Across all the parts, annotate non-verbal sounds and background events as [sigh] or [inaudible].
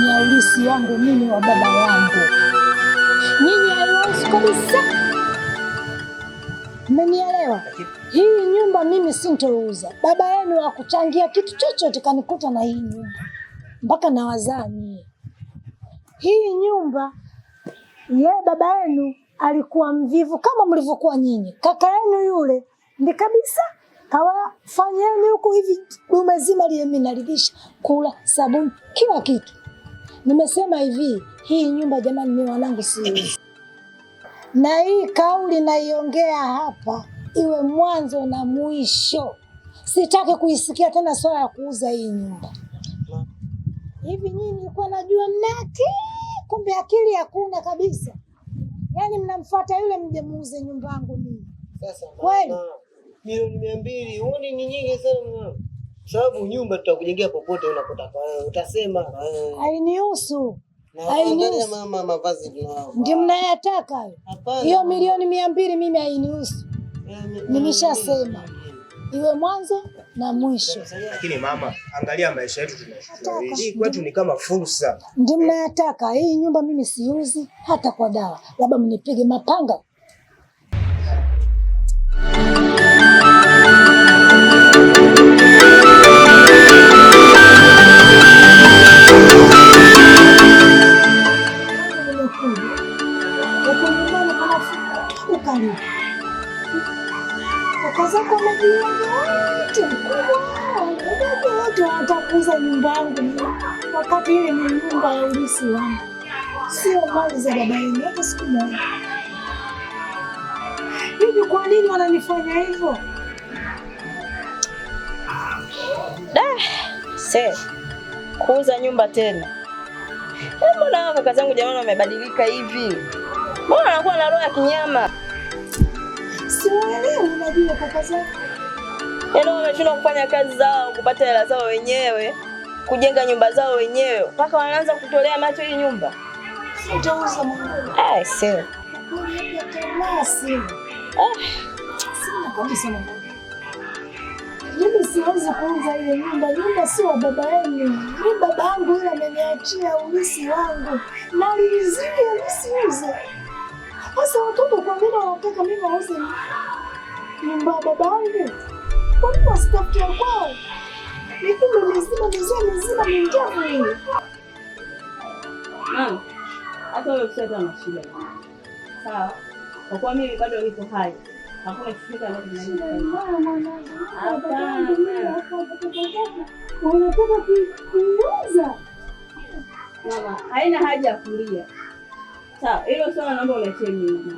ni ya wangu mimi wa baba yangu. Nyinyi haiwahusu kabisa, mmenielewa? Hii nyumba mimi sintouza. Baba yenu hakuchangia kitu chochote kanikuta na hii nyumba mpaka na wazani. Hii nyumba ye baba yenu alikuwa mvivu kama mlivyokuwa nyinyi. Kaka yenu yule ndi kabisa kawafanyeni huku hivi dume zima liyeminaridisha kula sabuni kila kitu Nimesema hivi, hii nyumba jamani, ni wanangu si na hii kauli naiongea hapa iwe mwanzo na mwisho. Sitaki kuisikia tena swala ya kuuza hii nyumba. Hivi nyinyi nilikuwa najua mnaki, kumbe akili hakuna kabisa. Yaani mnamfuata yule mje muuze nyumba yangu mimi. Sasa kweli milioni mia mbili ni nyingi sana sababu nyumba tutakujengea popote unapotaka wewe, utasema hainihusu mama, mavazi ndio mnayataka hiyo milioni mia mbili, mimi hainihusu. Nimeshasema iwe mwanzo na mwisho. Lakini mama, angalia maisha yetu hii kwetu ni kama fursa, ndio mnayataka. Hii nyumba mimi siuzi hata kwa dawa, labda mnipige mapanga Sasa kwa majirani wote wadogo wote watakuza nyumba yangu, wakati ile ni nyumba ya urithi wangu, sio mali za baba yenu hata siku moja. Hivi kwa nini wananifanya hivyo? Se kuuza nyumba tena? Eh, mbona kaka zangu jamani wamebadilika hivi? Mbona anakuwa na roho ya kinyama? usiwaelewe, unajua kaka zako yaani wameshindwa kufanya kazi zao, kupata hela zao wenyewe, kujenga nyumba zao wenyewe, mpaka wanaanza kutolea macho hii nyumba. Ah. Ah. Mimi siwezi kuuza ile nyumba. Nyumba sio baba yenu. Ni baba yangu yule ameniachia urithi wangu. Na nisiuze. Sasa watoto kuambia wanataka mimi wauze nyumba ya baba yangu, kwa nini wasitafutia kwao? Mifumo mizima mizee mizima minjavu hii. Mama, hata wewe usiwe na shida. Sawa. Kwa kuwa mimi bado niko hai. Hakuna kitu wanataka kuuza. Mama, haina haja ya kulia. Sawa, hilo swala naomba uletee mimi.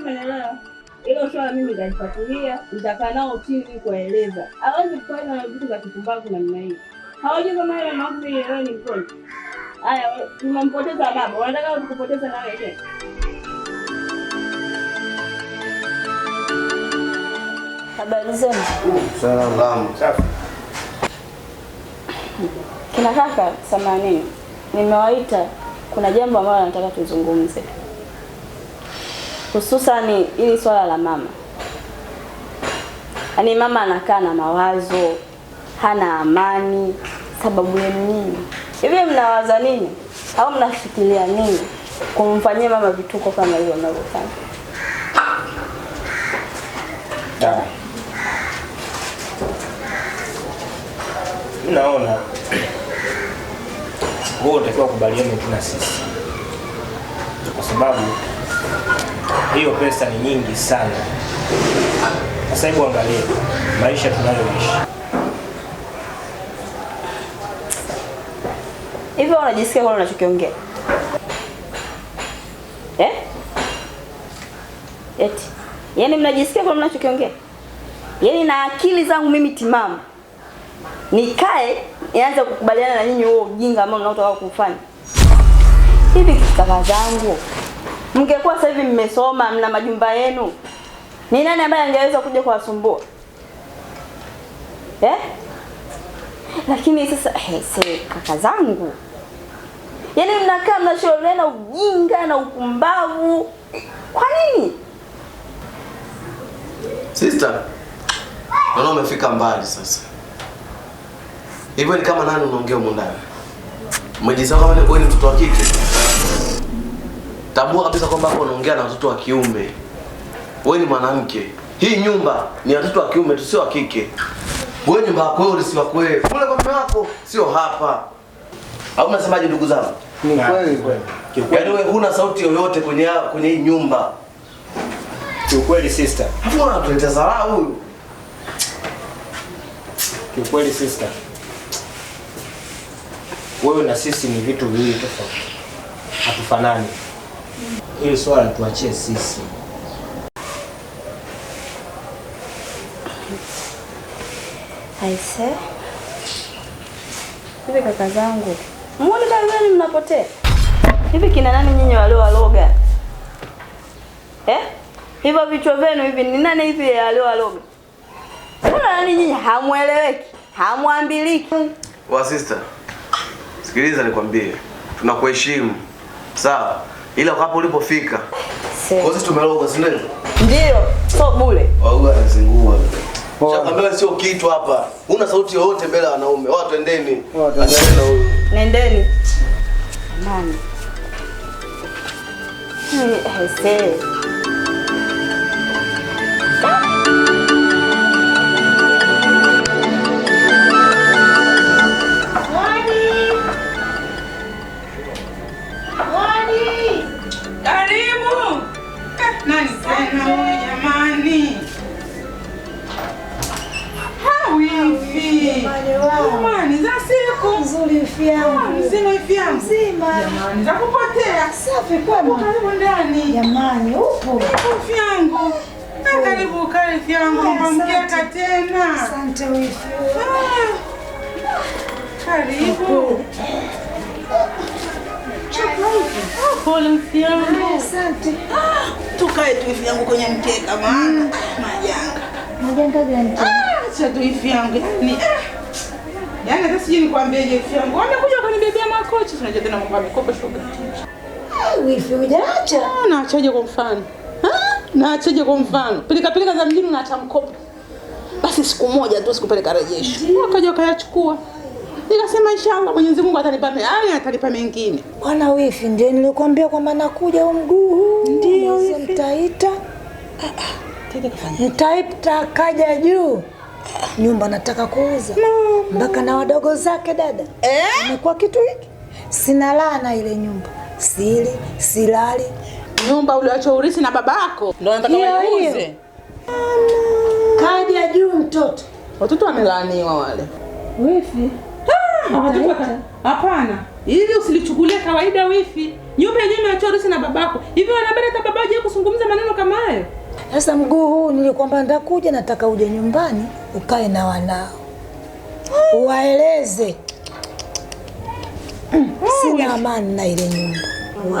Umeelewa? Hilo swala mimi nitakaa nao chini kuwaeleza. Hawezi kufanya na vitu vya kipumbavu namna hii. Hawajui kama ni Haya, baba, wanataka tukupoteza na wewe. Habari zenu. Salamu. Safi. Kina kaka, samahani. Nimewaita kuna jambo ambalo nataka tuzungumze, hususani hili swala la mama. Yaani mama anakaa na mawazo, hana amani. Sababu yenu nini? Hivi mnawaza nini au mnafikiria nini kumfanyia mama vituko kama hivyo mnavyofanya? Ah. Naona huo unatakiwa kubaliane tu na sisi, kwa sababu hiyo pesa ni nyingi sana. Sasa hebu angalia maisha tunayoishi hivyo, unajisikia kwa unachokiongea eh? Eti yaani mnajisikia kwa mnachokiongea, yaani na akili zangu mimi timamu nikae nianze yaani kukubaliana na nyinyi huo ujinga ambao mnaotaka kufanya hivi. Kaka zangu, mngekuwa sasa hivi mmesoma, mna majumba yenu, ni nani ambaye angeweza kuja kuwasumbua eh? Lakini sasa hese, eh, kaka zangu, yaani mnakaa mnashauriana ujinga na upumbavu. Kwa nini sister? Naona umefika mbali sasa Hivyo ni kama nani unaongea huko ndani? Umejisahau wewe wewe ni mtoto wa kike. Tambua kabisa kwamba hapo unaongea na watoto wa kiume. Wewe ni mwanamke. Hii nyumba ni watoto wa kiume tu sio wa kike. Wewe nyumba yako wewe si wako wewe. Kule kwa mume wako sio hapa. Au unasemaje ndugu zangu? Ni kweli kweli. Yaani wewe huna sauti yoyote kwenye kwenye hii nyumba. Kiukweli sister. Hapo unatuletea dharau huyu. Kiukweli sister wewe na sisi ni vitu viwili tofauti, hatufanani. Hili swala tuachie sisi. Aise, hivi kaka zangu, muone kazani mnapotea hivi. Kina nani nyinyi waloga eh? Hivyo vichwa vyenu hivi ni nani hivi waloga? Kuna nani nyinyi hamweleweki, hamwambiliki. Wa sister Sikiliza nikwambie, tunakuheshimu sawa, ila hapo ulipofika sisi tumeloga, si ndio? Ndio, so bure anazingua Shakambele sio kitu hapa. Una sauti yoyote mbele ya wanaume. Wao twendeni. Anaenda huyu. Nendeni. Amani. Hey, hey, Jamani, upo yangu. Oh. Karibu kale yangu mkiaka tena. Asante wifi. Ah, karibu. Oh, pole yangu. Asante. Ah, tukae tu wifi yangu kwenye mkeka maana mm. majanga. Majanga gani? Ah, sasa tu wifi yangu. Ni eh. Yaani hata sijui nikwambieje wifi yangu. Wamekuja kunibebea makochi, tunajua tena mambo ya mikopo shoga. Wifi hujaacha? Naachaje kwa mfano? Ah, naachaje kwa mfano? Pilika pilika za mjini na mkopo. Basi siku moja tu sikupeleka rejesho. Wakaja kayachukua. Nikasema inshallah Mwenyezi Mungu atanipa haya atanipa mengine. Bwana wifi, ndio nilikwambia kwamba nakuja huu mguu. Ndio wifi. Mtaita. Ah, ah. Nitaita kaja juu nyumba nataka kuuza mpaka na wadogo zake dada eh? Amekuwa kitu hiki, sina na ile nyumba, sili silali nyumba uliwacha urithi na babako ndio nataka uuze. Kaja juu mtoto, watoto wamelaaniwa wale. Wifi hapana, hivi usilichukulia kawaida wifi. Nyumba yenyewe uliwacha urithi na babako, hivi wanabereta hata kuzungumza maneno kama hayo? Sasa mguu huu nilikwamba ndakuja, nataka uje nyumbani ukae na wanao uwaeleze mm. sina amani na ile nyumba.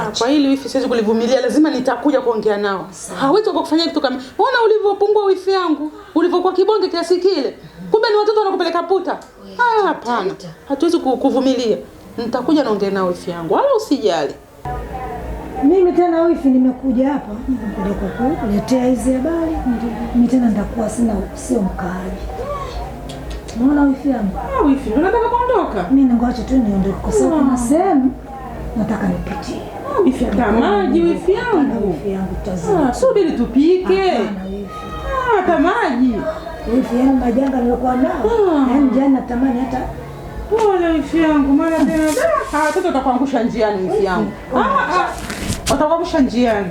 Ah, kwa hili wifi siwezi kulivumilia, lazima nitakuja kuongea nao. Hawezi kufanya kitu kama ona ulivyopungua wifi yangu, ulivyokuwa kibonge kiasi kile, kumbe ni watoto wanakupeleka puta. Ah, hapana, hatuwezi kuvumilia. Nitakuja naongea nao wifi yangu, wala usijali. Mimi tena wifi, nimekuja hapa nimekuja kukuletea hizi habari. Mimi tena nitakuwa sina, sio mkaaji. Unaona wifi yangu, ah, wifi unataka kuondoka? Mimi ngoja tu niondoke, kwa sababu kuna ah. sehemu nataka nipitie. Wifi ah, hata maji, wifi yangu, wifi yangu, tazama, subiri tupike hata maji. Wifi yangu, majanga nilikuwa nao, yaani jana natamani hata pole. Wifi yangu, mara tena hawatoto atakuangusha njiani, wifi yangu. Atavamusha njiani.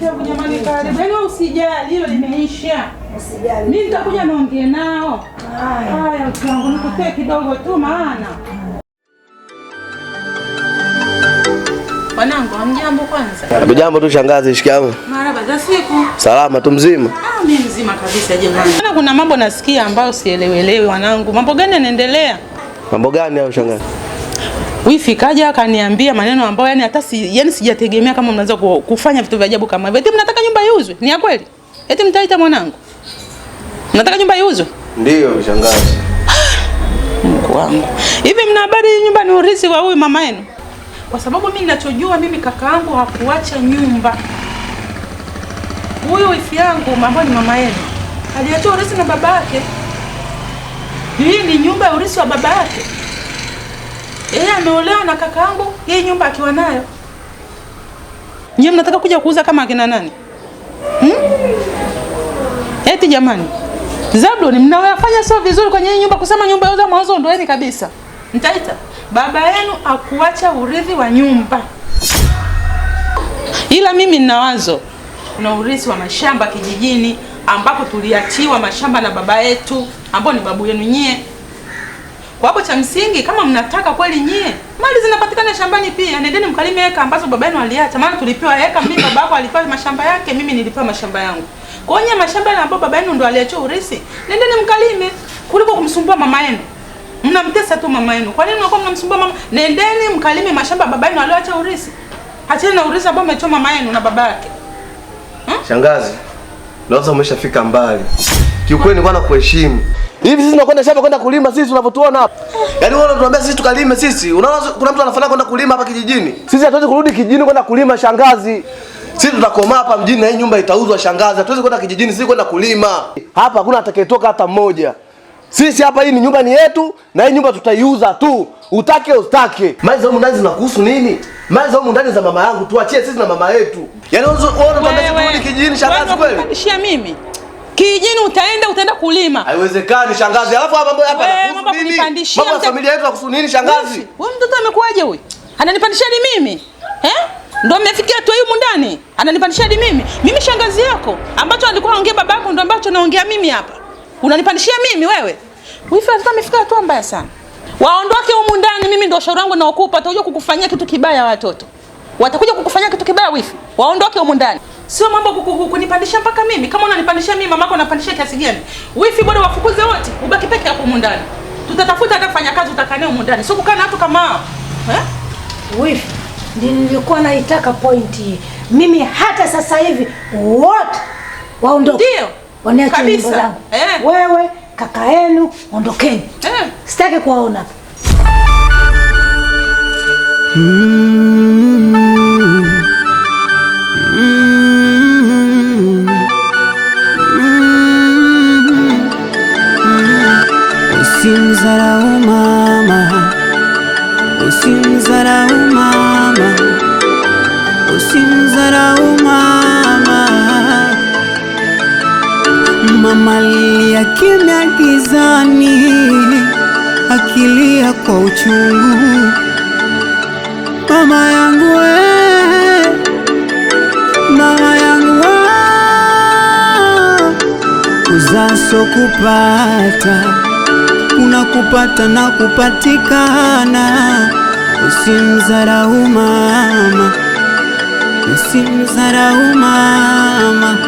Jamani, karibu. Yaani usijali, hilo limeisha. Mimi nitakuja naongee nao. Haya, kidogo tu maana. hamjambo kwanza? Hamjambo tu shangazi, shikamoo. Marhaba za siku. Salama tu mzima? Ah, mimi mzima kabisa jamani. Kuna mambo nasikia ambayo sielewelewi wanangu. Mambo gani yanaendelea? Mambo gani hayo shangazi? Wifi kaja akaniambia maneno ambayo yani hata si, yani sijategemea kama mnaweza kufanya vitu vya ajabu kama hivyo. Eti mnataka nyumba iuzwe? Ni ya kweli? Eti mtaita mwanangu? Mnataka nyumba iuzwe? Ndio shangazi. [sighs] Mungu wangu. Hivi mna habari nyumba ni urithi wa huyu mama yenu? Kwa sababu mimi ninachojua mimi kaka yangu hakuacha nyumba. Huyu wifi yangu ambaye ni mama yenu. Aliacha urithi na babake. Hii ni nyumba ya urithi wa baba yake. Yeye ameolewa na kaka yangu, hii nyumba akiwa nayo. Nyie mnataka kuja kuuza kama akina nani? Hmm? Eti jamani. Zabuloni mnayoyafanya sio vizuri kwenye hii nyumba kusema nyumba yauza mauzo ondoeni kabisa. Nitaita baba yenu akuacha urithi wa nyumba. Ila mimi nina wazo. Kuna urithi wa mashamba kijijini ambapo tuliachiwa mashamba na baba yetu ambao ni babu yenu nyie. Kwa hapo cha msingi kama mnataka kweli nyie, mali zinapatikana shambani pia. Nendeni mkalime heka ambazo baba yenu aliacha. Maana tulipewa heka, mimi babako alipewa mashamba yake, mimi nilipewa mashamba yangu. Kwa hiyo mashamba yale ambayo baba yenu ndo aliacha urithi, nendeni mkalime kuliko kumsumbua mama yenu. Mnamtesa tu mama yenu. Kwa nini mnakuwa mnamsumbua mama? Nendeni mkalime mashamba baba yenu aliacha urithi. Acheni na urithi ambao umechoma mama yenu na baba yake. Hmm? Shangazi naweza umeshafika mbali. Kiukweli nilikuwa nakuheshimu. Hivi sisi tunakwenda shamba kwenda kulima sisi tunavyotuona hapa. Yaani wewe unatuambia sisi tukalime sisi. Unaona kuna mtu anafanya kwenda kulima hapa kijijini. Sisi hatuwezi kurudi kijijini kwenda kulima shangazi. Sisi tutakomaa hapa mjini na hii nyumba itauzwa shangazi. Hatuwezi kwenda kijijini sisi kwenda kulima. Hapa hakuna atakayetoka hata mmoja. Sisi hapa hii ni nyumba ni yetu na hii nyumba tutaiuza tu. Utake ustake. Mali za ndani zinakuhusu nini? Mali za ndani za mama yangu tuachie sisi na mama yetu. Yaani wewe unataka kurudi kijijini shangazi kweli? Unanishia mimi. Kijijini utaenda utaenda kulima. Haiwezekani shangazi. Alafu hapa mambo hapa nakuhusu nini? Mambo ya familia yetu nakuhusu nini shangazi? Wewe mtoto amekuaje huyu? Ananipandishia ni mimi. Eh? Ndio mmefikia tu humu ndani. Ananipandishia ni mimi. Mimi shangazi yako ambacho alikuwa anaongea babako ndio ambacho naongea mimi hapa. Unanipandishia mimi wewe? Wifi hata amefika hatua mbaya sana. Waondoke humu ndani, mimi ndio shauri yangu naokupa. Utakuja kukufanyia kitu kibaya watoto. Watakuja kukufanyia kitu kibaya wifi. Waondoke humu ndani. Sio mambo kunipandisha mpaka mimi. Kama unanipandisha mimi, mamako anapandisha kiasi gani? Wifi bora wafukuze wote, ubaki peke yako humu ndani. Tutatafuta hata fanya kazi utakaa humu ndani. Sio kukaa na watu kama hao. Eh? Wifi, nilikuwa naitaka pointi. Mimi hata sasa hivi wote waondoke. Ndio. Waniache nyimbo zangu. Eh. Wewe kaka yenu ondokeni, eh. sitaki kuwaona. Hmm. gizani, akilia kwa uchungu, mama yangu we, mama yangu we, uzaso kupata kuna kupata na kupatikana, usimzarau mama, usimzarau mama,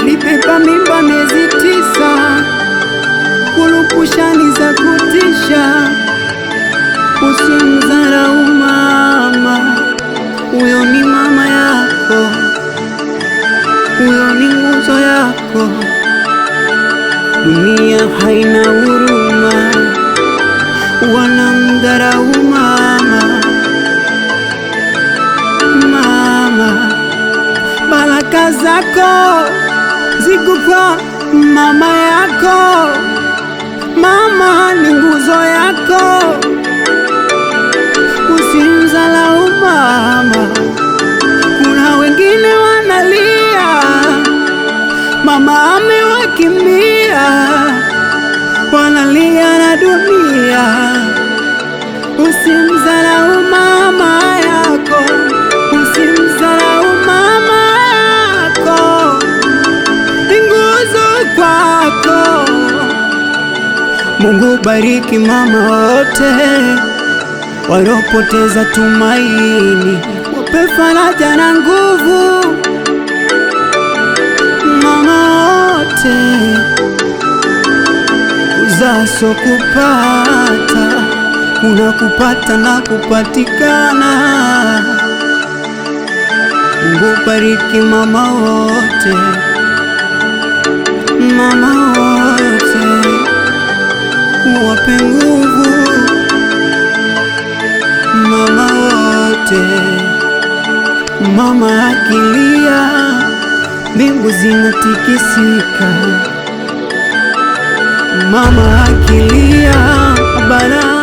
alibeba mimba miezi tisa kulukushani za kutisha, usimdharau mama, huyo ni mama yako, huyo ni nguzo yako. Dunia haina huruma, wanamdharau mama. Mama, baraka zako zikupa mama yako Mama ni nguzo yako, usimzalau mama. Kuna wengine wanalia, mama amewakimbia, wanalia na dunia. usimzalau mama. wabariki mama wote walopoteza tumaini, wape faraja na nguvu mama wote, uzaso kupata kuna kupata na kupatikana. Mungu bariki mama wote, mama wote wape nguvu mama wote. Mama akilia, mbingu zinatikisika. Mama akilia bara